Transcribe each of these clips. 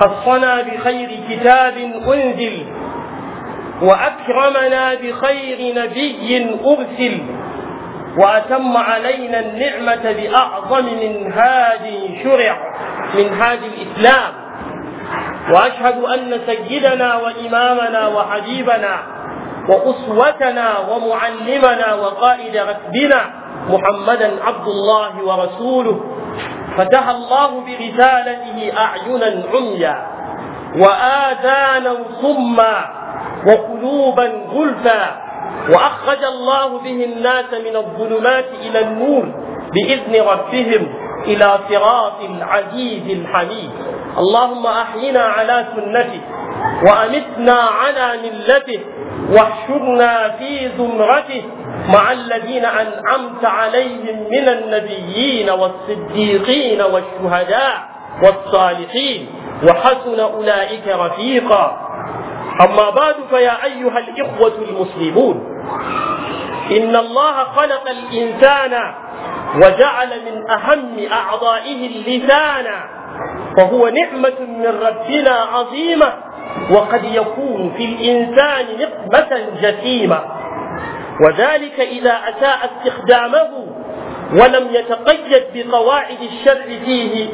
خصنا بخير كتاب أنزل وأكرمنا بخير نبي أرسل وأتم علينا النعمة بأعظم منهاج شرع منهاج الإسلام وأشهد أن سيدنا وإمامنا وحبيبنا وأسوتنا ومعلمنا وقائد ركبنا محمدا عبد الله ورسوله فتح الله برسالته أعينا عميا وآذانا صما وقلوبا غلفا وأخرج الله به الناس من الظلمات إلى النور بإذن ربهم إلى صراط العزيز الحميد اللهم أحينا على سنته وأمتنا على ملته واحشرنا في زمرته مع الذين أنعمت عليهم من النبيين والصديقين والشهداء والصالحين وحسن أولئك رفيقا أما بعد فيا أيها الإخوة المسلمون إن الله خلق الإنسان وجعل من أهم أعضائه اللسان فهو نعمة من ربنا عظيمة وقد يكون في الإنسان نقمة جسيمة وذلك إذا أساء استخدامه ولم يتقيد بقواعد الشرع فيه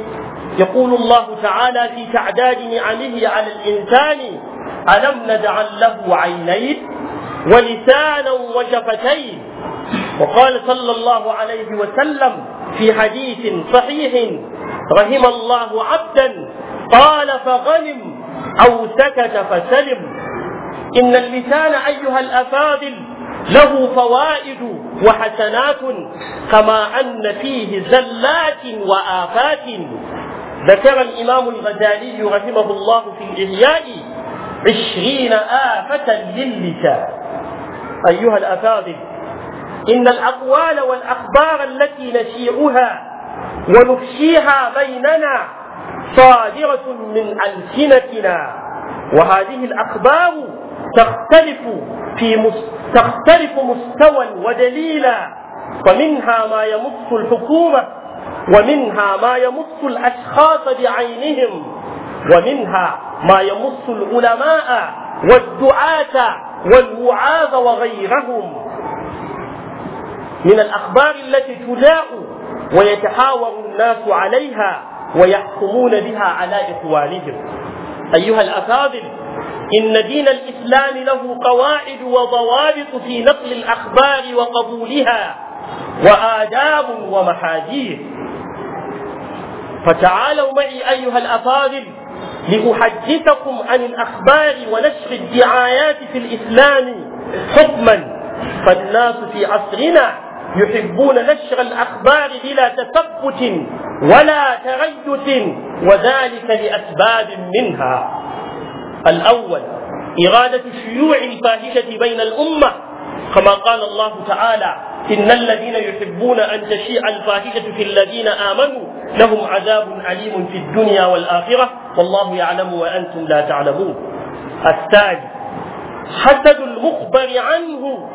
يقول الله تعالى في تعداد نعمه على الإنسان ألم نجعل له عينين ولسانا وشفتين وقال صلى الله عليه وسلم في حديث صحيح رحم الله عبدا قال فغنم أو سكت فسلم إن اللسان أيها الأفاضل له فوائد وحسنات كما أن فيه زلات وآفات ذكر الإمام الغزالي رحمه الله في الإحياء عشرين آفة للسان أيها الأفاضل إن الأقوال والأخبار التي نشيعها ونفشيها بيننا صادرة من ألسنتنا وهذه الأخبار تختلف في تختلف مستوى ودليلا فمنها ما يمس الحكومة ومنها ما يمس الأشخاص بعينهم ومنها ما يمس العلماء والدعاة والوعاظ وغيرهم من الأخبار التي تجاء ويتحاور الناس عليها ويحكمون بها على إخوانهم أيها الأفاضل إن دين الإسلام له قواعد وضوابط في نقل الأخبار وقبولها وآداب ومحاديث فتعالوا معي أيها الأفاضل لأحدثكم عن الأخبار ونشر الدعايات في الإسلام حكما فالناس في عصرنا يحبون نشر الأخبار بلا تثبت ولا تريث وذلك لأسباب منها الأول إرادة شيوع الفاحشة بين الأمة كما قال الله تعالى إن الذين يحبون أن تشيع الفاحشة في الذين آمنوا لهم عذاب أليم في الدنيا والآخرة والله يعلم وأنتم لا تعلمون الثاني حسد المخبر عنه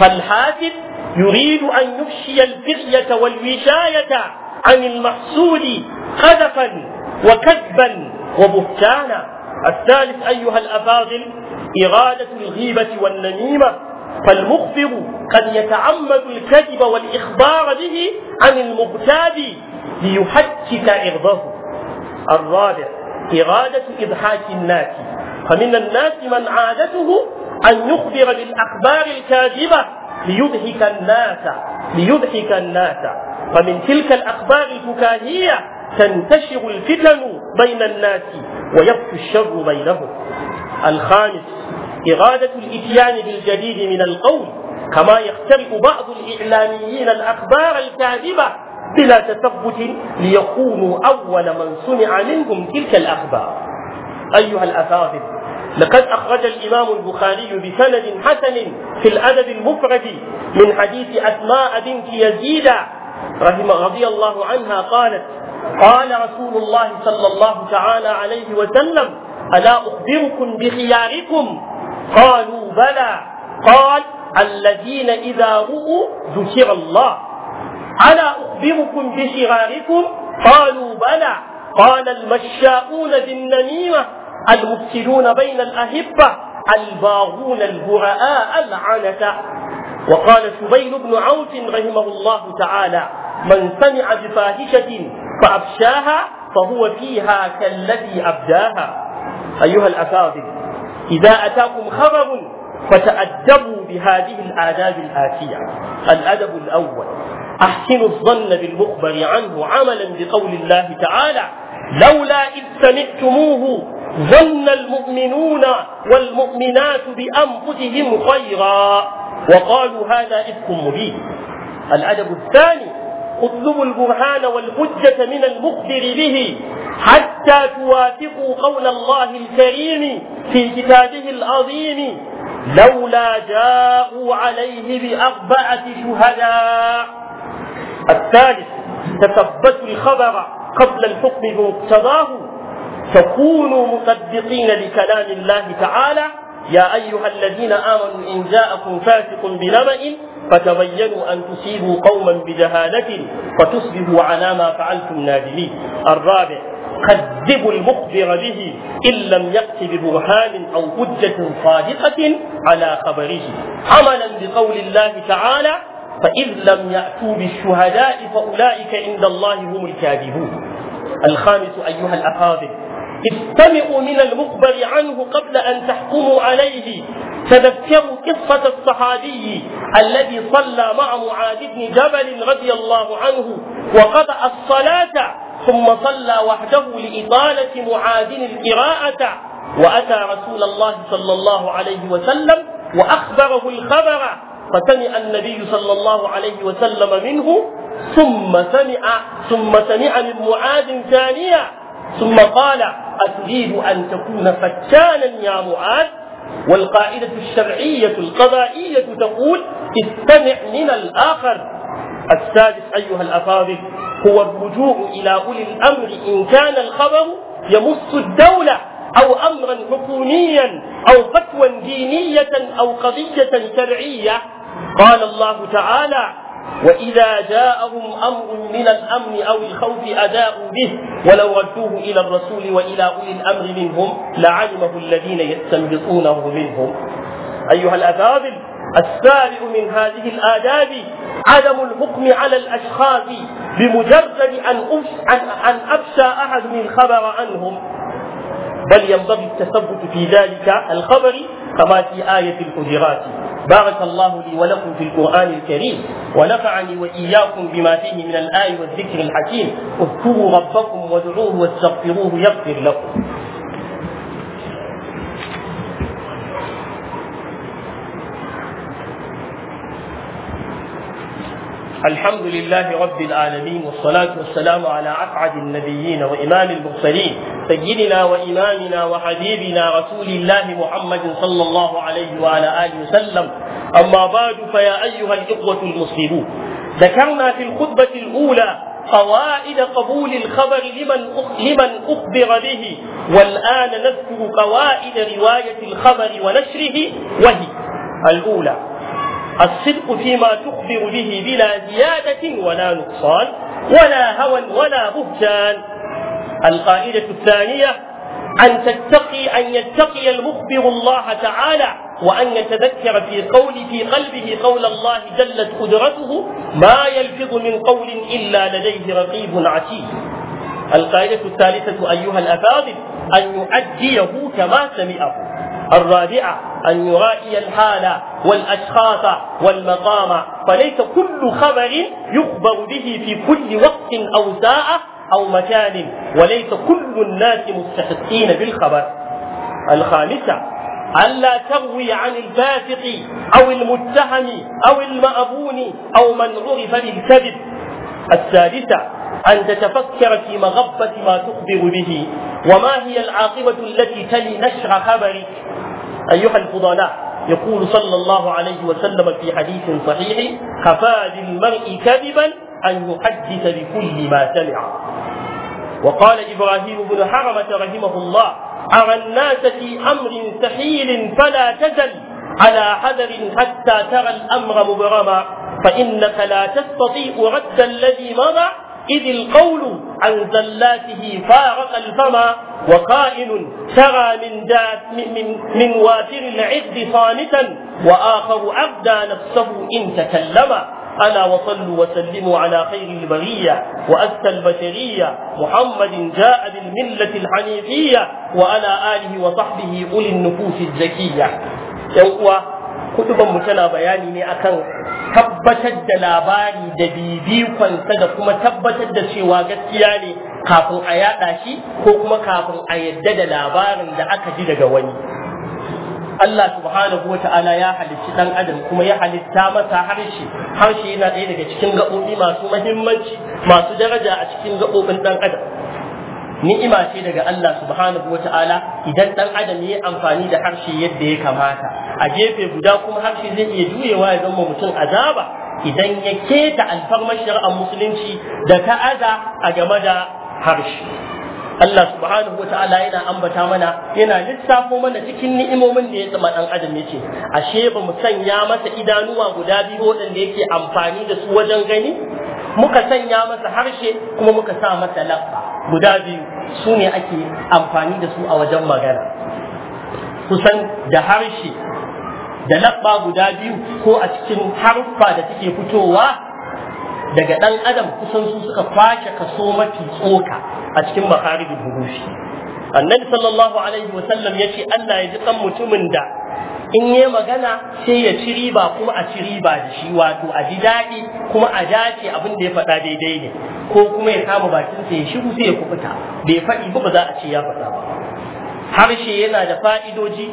فالحاسد يريد أن يفشي الفتية والوشاية عن المحسود خذفا وكذبا وبهتانا الثالث أيها الأفاضل إرادة الغيبة والنميمة فالمخبر قد يتعمد الكذب والإخبار به عن المغتاب ليحكك إرضه الرابع إرادة إضحاك الناس فمن الناس من عادته أن يخبر بالأخبار الكاذبة ليضحك الناس ليضحك الناس فمن تلك الأخبار الفكاهية تنتشر الفتن بين الناس ويبكي الشر بينهم الخامس إرادة الإتيان بالجديد من القول كما يخترق بعض الإعلاميين الأخبار الكاذبة بلا تثبت ليكونوا أول من صنع منهم تلك الأخبار أيها الأفاضل لقد أخرج الإمام البخاري بسند حسن في الأدب المفرد من حديث أسماء بنت يزيد رحمه رضي الله عنها قالت قال رسول الله صلى الله تعالى عليه وسلم ألا أخبركم بخياركم قالوا بلى قال الذين إذا رؤوا ذكر الله ألا أخبركم بشراركم قالوا بلى قال المشاؤون بالنميمة المفسدون بين الأهبة الباغون البرعاء العنة وقال سبيل بن عوف رحمه الله تعالى من سمع بفاحشة فأفشاها فهو فيها كالذي أبداها أيها الأفاضل إذا أتاكم خبر فتأدبوا بهذه الآداب الآتية الأدب الأول أحسنوا الظن بالمخبر عنه عملا بقول الله تعالى لولا إذ سمعتموه ظن المؤمنون والمؤمنات بأنفسهم خيرا وقالوا هذا إفك مبين الأدب الثاني اطلبوا البرهان والحجة من المخبر به حتى توافقوا قول الله الكريم في كتابه العظيم لولا جاءوا عليه بأربعة شهداء الثالث تثبتوا الخبر قبل الحكم بمقتضاه فكونوا مصدقين لكلام الله تعالى يا أيها الذين آمنوا إن جاءكم فاسق بنبأ فتبينوا أن تصيبوا قوما بجهالة فتصبحوا على ما فعلتم نادمين الرابع كذبوا المخبر به إن لم يأت ببرهان أو حجة صادقة على خبره عملا بقول الله تعالى فإن لم يأتوا بالشهداء فأولئك عند الله هم الكاذبون الخامس أيها الأفاضل استمعوا من المخبر عنه قبل أن تحكموا عليه تذكروا قصة الصحابي الذي صلى مع معاذ بن جبل رضي الله عنه وقضى الصلاة ثم صلى وحده لإطالة معاذ القراءة وأتى رسول الله صلى الله عليه وسلم وأخبره الخبر فسمع النبي صلى الله عليه وسلم منه ثم سمع ثم سمع من معاذ ثانية ثم قال أتريد أن تكون فتانا يا معاذ والقاعدة الشرعية القضائية تقول استمع من الآخر السادس أيها الأفاضل هو الرجوع إلى أولي الأمر إن كان الخبر يمس الدولة أو أمرا حكوميا أو فتوى دينية أو قضية شرعية قال الله تعالى وإذا جاءهم أمر من الأمن أو الخوف أداؤوا به ولو ردوه إلى الرسول وإلى أولي الأمر منهم لعلمه الذين يستنبطونه منهم أيها الأفاضل السابع من هذه الآداب عدم الحكم على الأشخاص بمجرد أن أن أفشى أحد من خبر عنهم بل ينبغي التثبت في ذلك الخبر كما في آية الحجرات بارك الله لي ولكم في القرآن الكريم ونفعني وإياكم بما فيه من الآي والذكر الحكيم اذكروا ربكم وادعوه واستغفروه يغفر لكم الحمد لله رب العالمين والصلاة والسلام على أسعد النبيين وإمام المرسلين سيدنا وإمامنا وحبيبنا رسول الله محمد صلى الله عليه وعلى آله وسلم أما بعد فيا أيها الإخوة المسلمون ذكرنا في الخطبة الأولى قواعد قبول الخبر لمن لمن أخبر به والآن نذكر قواعد رواية الخبر ونشره وهي الأولى الصدق فيما تخبر به بلا زيادة ولا نقصان ولا هوى ولا بهتان القاعدة الثانية أن تتقي أن يتقي المخبر الله تعالى وأن يتذكر في قول في قلبه قول الله جلت قدرته ما يلفظ من قول إلا لديه رقيب عتيد القاعدة الثالثة أيها الأفاضل أن يؤديه كما سمعه الرابعة أن يرائي الحال والأشخاص والمقام فليس كل خبر يخبر به في كل وقت أو ساعة أو مكان وليس كل الناس مستحقين بالخبر الخامسة ألا تروي عن الفاسق أو المتهم أو المأبون أو من عرف بالكذب السادسة أن تتفكر في مغبة ما تخبر به وما هي العاقبة التي تلي نشر خبرك أيها الفضلاء يقول صلى الله عليه وسلم في حديث صحيح خفى للمرء كذبا أن يحدث بكل ما سمع وقال إبراهيم بن حرمة رحمه الله أرى الناس في أمر سحيل فلا تزل على حذر حتى ترى الأمر مبرما فإنك لا تستطيع رد الذي مضى إذ القول عن زلاته فارق الفم وقائل سرى من ذات من, من وافر العقد صامتا وآخر أبدى نفسه إن تكلم ألا وصلوا وسلموا على خير البرية وأسى البشرية محمد جاء بالملة الحنيفية وعلى آله وصحبه أولي النفوس الزكية kudubanmu tana bayani ne akan tabbatar da labari da bibikonsa da kuma tabbatar da cewa gaskiya ne kafin a yada shi ko kuma kafin a yadda da labarin da aka ji daga wani Allah subhanahu wa ta'ala ya halicci dan adam kuma ya halitta masa harshe harshe yana ɗaya daga cikin gabobi masu muhimmanci, masu daraja a cikin gabobin dan adam ni'ima ce daga Allah subhanahu ta'ala idan dan adam ya amfani da harshe yadda ya kamata a gefe guda kuma harshe zai iya juyewa ya zama mutum azaba idan ya keta alfarmar shari'ar musulunci da ta'aza a game da harshe Allah subhanahu wa ta'ala yana ambata mana yana lissafo mana cikin ni'imomin da ya tsama dan adam yace ashe ba mu sanya masa idanuwa guda biyu waɗanda yake amfani da su wajen gani muka sanya masa harshe kuma muka sa masa labba guda biyu su ne ake amfani da su a wajen magana kusan da harshe da labba guda biyu ko a cikin haruffa da take fitowa daga ɗan adam kusan su suka kwace kaso mafi tsoka a cikin makarin burushi annabi sallallahu alaihi wasallam ya ce Allah ya ji ɗan mutumin da in yi magana sai ya ci riba kuma a ci riba da shi wato a ji daɗi kuma a dace abin da ya faɗa daidai ne ko kuma ya kama bakinsa ya shiru sai ya kuɓuta bai faɗi ba ba za a ce ya faɗa ba harshe yana da fa'idoji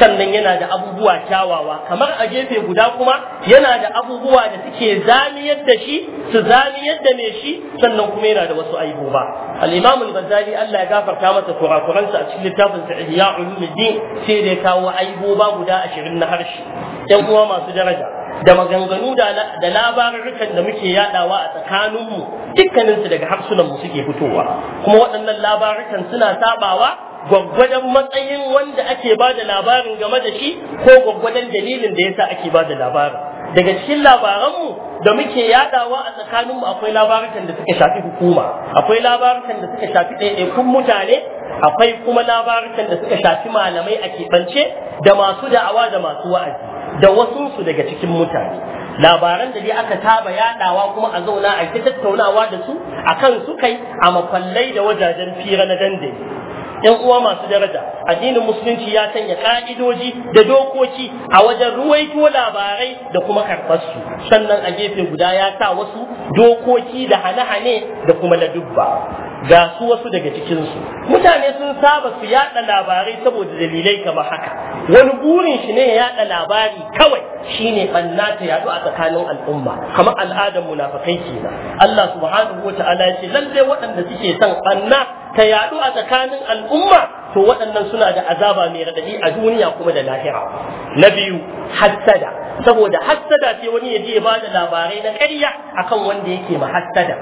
sannan yana da abubuwa kyawawa kamar a gefe guda kuma yana da abubuwa da suke zamiyar da shi su zamiyar da mai shi sannan kuma yana da wasu aibuba al-imam al Allah ya gafarta masa kurakuransa a cikin littafin sa ihya ulumuddin sai da kawo aibuba guda ashirin na harshe yan uwa masu daraja da maganganu da labarurrukan da muke yadawa a tsakaninmu dukkaninsu daga harsunanmu suke fitowa kuma waɗannan labarukan suna sabawa gwaggwadon matsayin wanda ake ba da labarin game da shi ko gwaggwadon dalilin da yasa ake ba da labarin daga cikin labaranmu da muke yadawa a tsakaninmu akwai labarukan da suka shafi hukuma akwai labarukan da suka shafi ɗaiɗaikun mutane akwai kuma labarukan da suka shafi malamai a keɓance da masu da'awa da masu wa'azi da su daga cikin mutane labaran da dai aka taba yadawa kuma a zauna a yi tattaunawa da su akan su kai a makwallai da wajajen fira na dandali yan uwa masu daraja addinin musulunci ya sanya ka'idoji da dokoki a wajen ruwaito labarai da kuma karɓar su sannan a gefe guda ya sa wasu dokoki da hane-hane da kuma ladubba ga su wasu daga cikinsu mutane sun saba su yaɗa labarai saboda dalilai kamar haka wani burin shi ne ya yaɗa labari kawai shine banna ta yaɗu a tsakanin al'umma kamar al'adar munafakai kenan Allah subhanahu wa ta'ala ya ce lallai waɗanda suke son banna ta yaɗu a tsakanin al'umma to waɗannan suna da azaba mai raɗaɗi a duniya kuma da lahira na biyu hassada saboda hassada ce wani ya je ba da labarai na ƙarya akan wanda yake ma hassada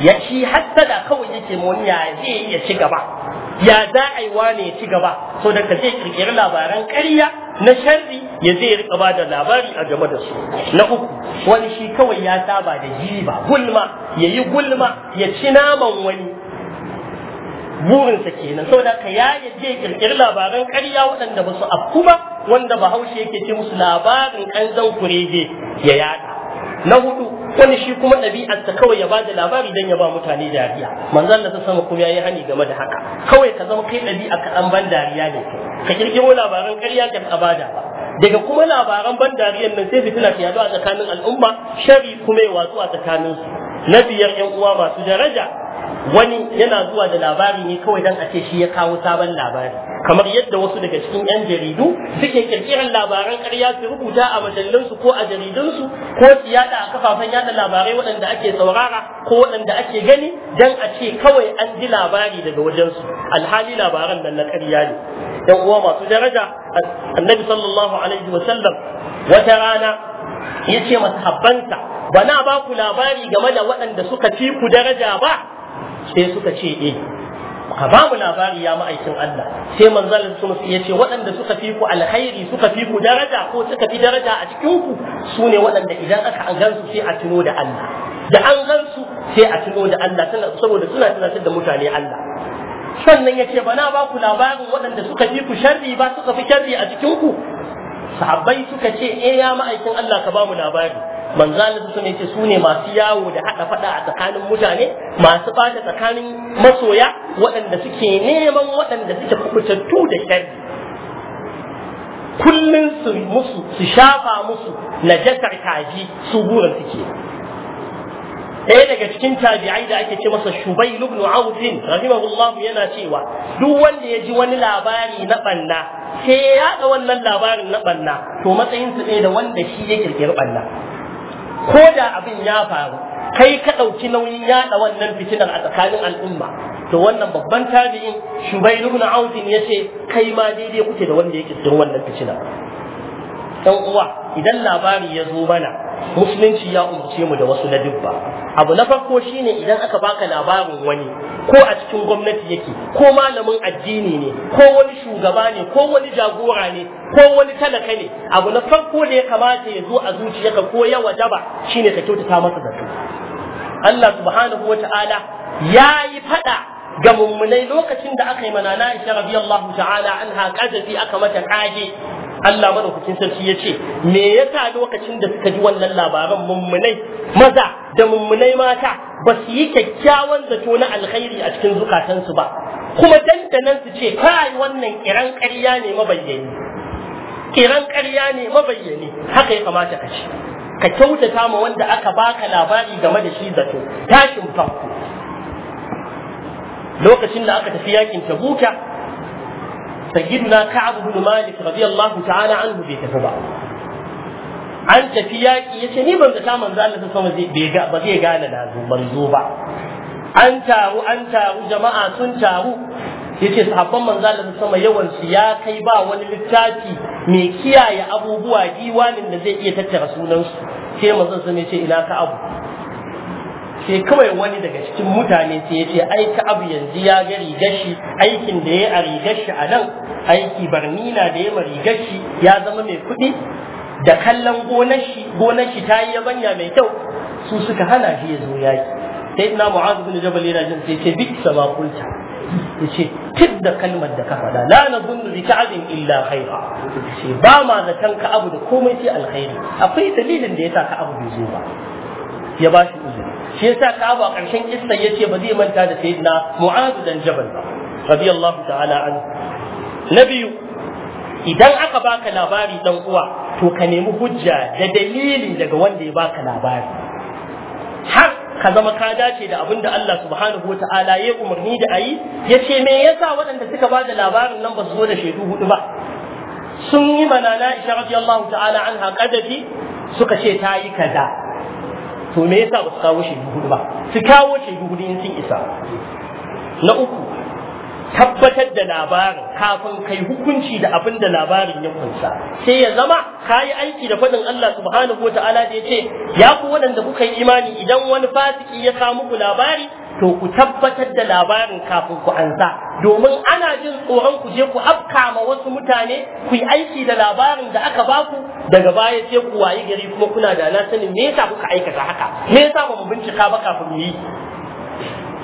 ya ci hassada kawai yake ma wani ya zai ya ci gaba ya za a yi wane ya ci gaba so da ka zai kirkiri labaran ƙarya na sharri ya zai rika ba da labari a game da su na uku wani shi kawai ya saba da jiba gulma ya yi gulma ya ci naman wani burinsa kenan saboda ka yaye je kirkiri labaran ƙarya waɗanda ba su afku ba wanda bahaushe yake ce musu labarin ƙanzan kurege ya yada na hudu wani shi kuma ɗabi'arsa kawai ya bada labari don ya ba mutane dariya manzan da ta sama kuma yayi hani game da haka kawai ka zama kai ɗabi'a ka an ban dariya ne ka kirkiro labaran ƙarya da ka bada ba daga kuma labaran ban dariyan nan sai fitina ta yaɗu a tsakanin al'umma shari kuma ya watsu a tsakanin su na biyar yan uwa masu daraja wani yana zuwa da labari ne kawai dan a ce shi ya kawo sabon labari kamar yadda wasu daga cikin yan jaridu suke kirkiran labaran ƙarya su rubuta a majallansu ko a jaridunsu ko su yada a kafafen yada labarai waɗanda ake saurara ko waɗanda ake gani dan a ce kawai an ji labari daga wajensu alhali labaran nan na ƙarya ne dan uwa masu daraja annabi sallallahu alaihi wasallam wata rana ce masahabbansa ba na ba ku labari game da waɗanda suka fi ku daraja ba sai suka ce eh ka ba labari ya ma'aikin Allah sai manzalin sun ya ce waɗanda suka fi ku alkhairi suka fi ku daraja ko suka fi daraja a cikin ku su ne waɗanda idan aka an gansu sai a tuno da Allah da an gansu sai a tuno da Allah saboda suna tunatar da mutane Allah sannan yace bana ba ku labarin waɗanda suka fi ku sharri ba suka fi sharri a cikin ku sahabbai suka ce eh ya ma'aikin Allah ka ba mu labari manzo Allah sun ce su ne masu yawo da haɗa faɗa a tsakanin mutane masu bata tsakanin masoya waɗanda suke neman waɗanda suke kubutattu da sharri kullun su musu su shafa musu na najasar kaji su burin suke ɗaya daga cikin tabi'ai da ake ce masa shubai ibn auf rahimahullah yana cewa duk wanda ya ji wani labari na ɓanna, sai ya yaɗa wannan labarin na ɓanna, to matsayinsa ɗaya da wanda shi ya kirkiri banna ko da abin ya faru kai ka ɗauki nauyin yaɗa wannan fitinar a tsakanin al'umma to wannan babban tabi'in shubair na auf ya ce kai ma daidai kuke da wanda yake cikin wannan fitinar Ɗan uwa idan labari ya zo mana musulunci ya umarce mu da wasu na dubba abu na farko shine idan aka baka labarin wani ko a cikin gwamnati yake ko malamin addini ne ko wani shugaba ne ko wani jagora ne ko wani talaka ne abu na farko da ya kamata ya zo a zuciyarka ko ya wajaba shine ka kyautata masa zato Allah subhanahu wata'ala ya yi fada ga mummunai lokacin da aka yi manana Aisha radiyallahu ta'ala da kadafi aka mata kage Allah madaukakin sarki ya ce me yasa lokacin da suka ji wannan labaran mummunai maza da mummunai mata ba su yi kyakkyawan zato na alkhairi a cikin zukatansu ba kuma dandanan su ce kai wannan kiran ƙarya ne mabayyani kiran ƙarya ne mabayyani haka ya kamata ka ce ka kyautata ma wanda aka baka labari game da shi zato tashin farko lokacin da aka tafi yakin tabuka sayyiduna ka'ab bin malik radiyallahu ta'ala anhu bai tafi ba an tafi yaƙi ya ce ni ban zata manzo Allah sama ba zai gane na zo ban zo ba an taru an taru jama'a sun taru ya ce sahabban manzo Allah sama yawan su ya kai ba wani littafi mai kiyaye abubuwa diwanin da zai iya tattara sunan su sai manzo ce ina ka abu sai kawai wani daga cikin mutane sai ya ce ai yanzu ya ga rigashi aikin da ya a rigar shi a nan aiki barnina da ya rigar shi ya zama mai kuɗi da kallon gonar shi shi ta yi yabanya mai kyau su suka hana shi ya zo yaki sai ina mu'azu bin jabal yana jin sai ce bik sama kulta yace tid da kalmar da ka faɗa la nazunnu bi ka'abin illa khaira ce ba ma zaton ka abu da komai sai alkhairi akwai dalilin da sa ka abu bai zo ba ya ba shi uzuri shi yasa ka abu a ƙarshen kissa yace ba zai manta da na mu'azu dan jabal ba radiyallahu ta'ala anhu na biyu idan aka baka labari dan uwa to ka nemi hujja da dalili daga wanda ya baka labari har ka zama ka dace da abin da Allah subhanahu wa ta'ala ya umarni da ayi ya ce me yasa waɗanda suka ba da labarin nan ba su zo da shaidu hudu ba sun yi manana isha radiyallahu ta'ala anha qadafi suka ce ta yi kaza to me yasa ba su kawo shaidu hudu ba su kawo shaidu hudu in sun isa na uku tabbatar da labarin kafin kai hukunci da abin da labarin ya kunsa sai ya zama kayi aiki da faɗin Allah subhanahu wata'ala da ya ce ya ku waɗanda kuka yi imani idan wani fasiki ya kawo muku labari to ku tabbatar da labarin kafin ku ansa domin ana jin tsoron ku je ku afka afkama wasu mutane ku yi aiki da labarin da aka baku daga baya sai ku wayi gari kuma kuna da na sanin me yasa kuka aikata haka me yasa ba mu bincika ba kafin mu yi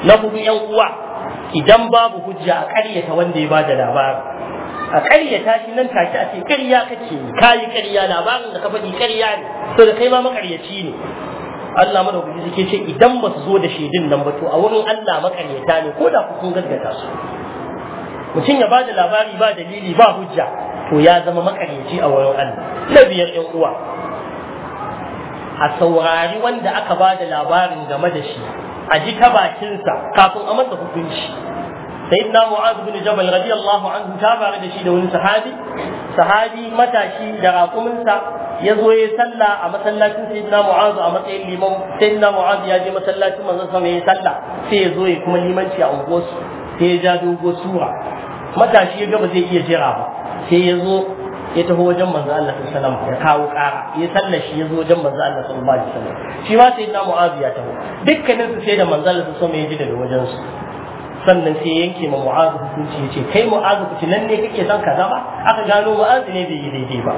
na hudu yan uwa idan babu hujja a ƙaryata wanda ya bada labari a ƙaryata shi nan take a ce ƙarya kake yi ƙarya labarin da ka faɗi ƙarya ne to da kai ma maƙaryaci ne Allah madaukaki suke ce idan ba su zo da shaidun nan ba to a wurin Allah maƙaryata ne ko da kun gaggata su mutum ya bada labari ba dalili ba hujja to ya zama maƙaryaci a wurin Allah na biyar ɗan uwa a saurari wanda aka bada labarin game da shi a ji ta bakinsa kafin a masa hukunci sayyidina mu'az bin jabal radiyallahu anhu ta faru da shi da wani sahabi sahabi matashi da raƙuminsa ya zo ya sallah a masallacin sayyidina mu'az a matsayin liman sayyidina mu'az ya je masallacin manzon sama ya sallah sai ya zo ya kuma limanci a unguwarsu sai ya ja dogo sura matashi ya ga ba zai iya jira ba sai ya zo ya taho wajen manzo Allah sallallahu alaihi ya kawo kara ya sallar shi ya zo wajen manzo Allah sallallahu alaihi wasallam shi ma sai na Mu'azu ya taho dukkanin su sai da manzo Allah sallallahu alaihi ya ji daga wajen su sannan sai yanke ma Mu'azu hukunci ya ce kai Mu'azu kuci nan ne kake son kaza ba aka gano Mu'azu ne bai yi daidai ba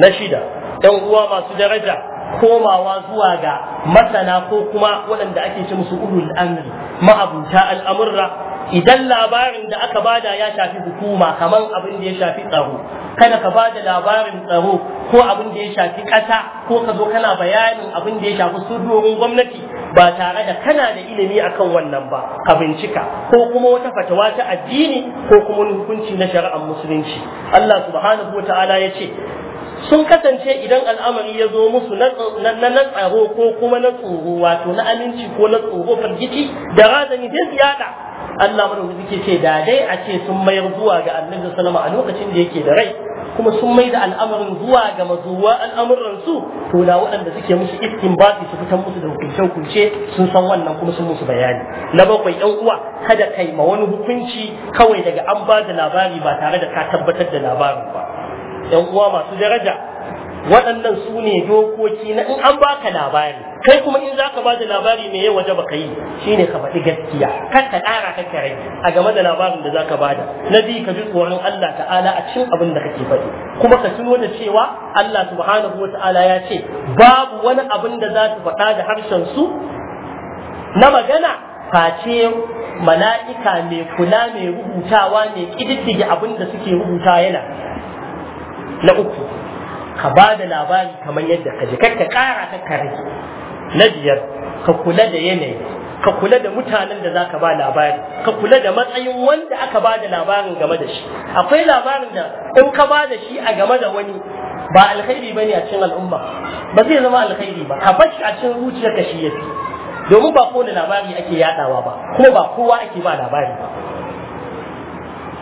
na shida dan uwa masu daraja komawa zuwa ga masana ko kuma waɗanda ake ce musu ulul amri ma'abuta al'amurra idan labarin da aka bada ya shafi hukuma kamar abin da ya shafi tsaro kada ka bada labarin tsaro ko abin da ya shafi ƙasa ko ka zo kana bayanin abin da ya shafi sirrorin gwamnati ba tare da kana da ilimi akan wannan ba ka bincika ko kuma wata fatawa ta addini ko kuma wani hukunci na shari'ar musulunci Allah subhanahu wata'ala ta'ala ya ce sun kasance idan al'amari ya zo musu na na tsaro ko kuma na tsoro wato na aminci ko na tsoro firgici da razani sai yada Allah madaukakin suke ce da dai a ce sun mayar zuwa ga annabi sallama a lokacin da yake da rai kuma sun mai da al'amarin zuwa ga mazuwa al'amuran su to da waɗanda suke musu iftin istinbati su fitan musu da hukunce hukunce sun san wannan kuma sun musu bayani na bakwai yan uwa kada kai ma wani hukunci kawai daga an ba da labari ba tare da ka tabbatar da labarin ba yan uwa masu daraja waɗannan su ne dokoki na in an baka labari kai kuma in zaka ba da labari mai yau waje ka yi shine ka faɗi gaskiya kar ka ƙara ka a game da labarin da zaka bada na biyu ka ji tsoron Allah ta'ala a cin abin da kake faɗi kuma ka tuno da cewa Allah subhanahu wa ta'ala ya ce babu wani abin da za su faɗa da harshen su na magana face mala'ika mai kula mai rubutawa mai ƙididdige abin da suke rubuta yana na uku ka ba da labari kamar yadda ka ji ka kara ka kare na biyar ka kula da yanayi ka kula da mutanen da zaka ba labari ka kula da matsayin wanda aka ba da labarin game da shi akwai labarin da in ka ba da shi a game da wani ba alkhairi bane a cikin al'umma ba zai zama alkhairi ba ka bashi a cikin zuciyarka shi fi. domin ba kowane labari ake yadawa ba kuma ba kowa ake ba labari ba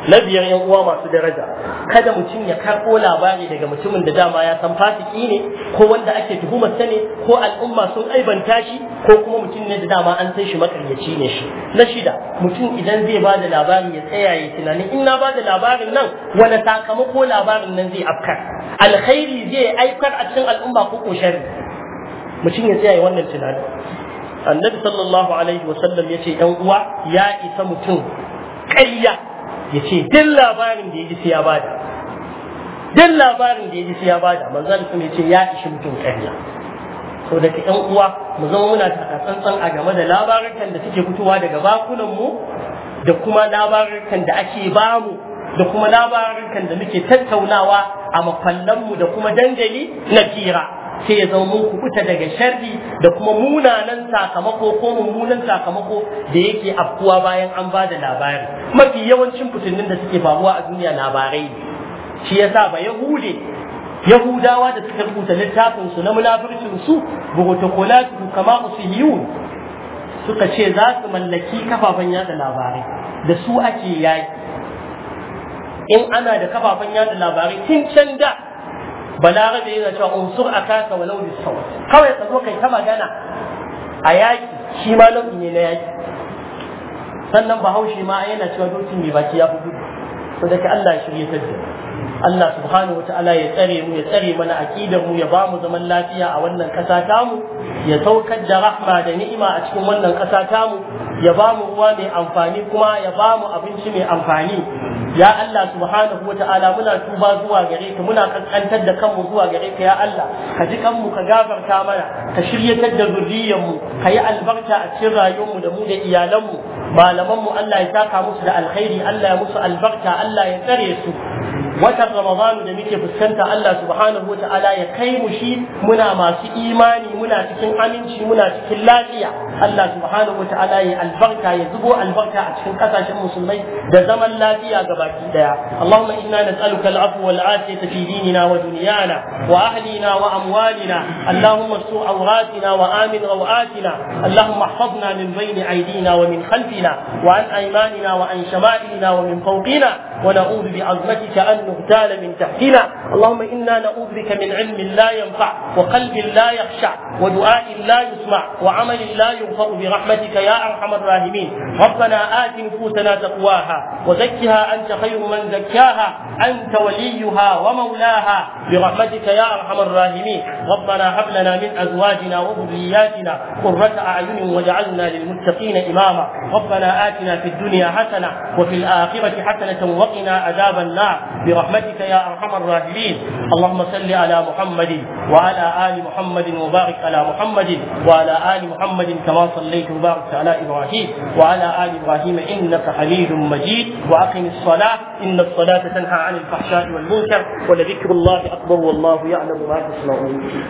na biyar yan uwa masu daraja kada mutum ya karɓo labari daga mutumin da dama ya san fasiki ne ko wanda ake tuhumar ne ko al'umma sun aibanta shi ko kuma mutum ne da dama an san shi makaryaci ne shi na shida mutum idan zai ba da labari ya tsaya ya tunanin in na ba da labarin nan wani sakamako labarin nan zai afkar alkhairi zai aikar a cikin al'umma ko ko mutum ya tsaya wannan tunanin annabi sallallahu alaihi wasallam ya ce yan uwa ya isa mutum ƙarya ya ce duk labarin da ya ji ya bada duk labarin da ya ji ya bada manzan sun ya ce ya ishi mutum ƙarya so daga ƴan uwa mu zama muna taka tsantsan a game da labarukan da suke fitowa daga bakunan mu da kuma labarukan da ake bamu da kuma labarukan da muke tattaunawa a mu, da kuma dandali na kira. sai ya zama mun kubuta daga sharri da kuma munanan sakamako ko mummunan sakamako da yake afkuwa bayan an ba da labari mafi yawancin fitinnin da suke faruwa a duniya labarai ne shi yasa ba ya hude yahudawa da suka rubuta littafin su na munafurcin su bugotokolatu kama usiyun suka ce za su mallaki kafafen yada labarai da su ake yaki in ana da kafafen yada labarai tun can da balarabe yana cewa unsur akaka walau bi saw kawai ka zo kai ta magana a yaki shi ma nau'i ne na yaki sannan bahaushe ma yana cewa dokin mai baki ya fi gudu ke Allah ya shirye ta Allah subhanahu wataala ya tsare mu ya tsare mana aqidar mu ya bamu zaman lafiya a wannan kasa tamu ya saukar da rahma da ni'ima a cikin wannan kasa tamu ya bamu ruwa mai amfani kuma ya bamu abinci mai amfani ya Allah subhanahu wataala muna tuba zuwa gare ka muna kankantar da kanmu zuwa gare ka ya Allah ka ji kanmu ka gafarta mana ka shiryatar da zuriyar mu ka yi albarka a cikin rayuwar mu da mu da iyalan mu malaman mu Allah ya saka musu da alkhairi Allah ya musu albarka Allah ya tsare su watan ramadanu da muke fuskanta Allah subhanahu wa ta'ala ya kai mu shi muna masu imani muna cikin aminci muna cikin lafiya Allah subhanahu wa ta'ala ya albarka ya zubo albarka a cikin kasashen musulmai da zaman lafiya ga baki daya Allahumma inna nas'aluka al'afwa wal afiyata fi dinina wa dunyana wa ahlina wa amwalina Allahumma su awratina wa amin rawatina Allahumma ihfazna min bayni aydina wa min khalfina wa an aymanina wa an shama'ilina wa min fawqina wa na'udhu bi an نغتال من تحتنا اللهم إنا نعوذ بك من علم لا ينفع وقلب لا يخشع ودعاء لا يسمع وعمل لا يغفر برحمتك يا أرحم الراحمين ربنا آت نفوسنا تقواها وزكها أنت خير من زكاها أنت وليها ومولاها برحمتك يا أرحم الراحمين ربنا هب لنا من أزواجنا وذرياتنا قرة أعين واجعلنا للمتقين إماما ربنا آتنا في الدنيا حسنة وفي الآخرة حسنة وقنا عذاب النار برحمتك يا ارحم الراحمين اللهم صل على محمد وعلى ال محمد وبارك على محمد وعلى ال محمد كما صليت وباركت على ابراهيم وعلى ال ابراهيم انك حميد مجيد واقم الصلاه ان الصلاه تنهى عن الفحشاء والمنكر ولذكر الله اكبر والله يعلم ما تصنعون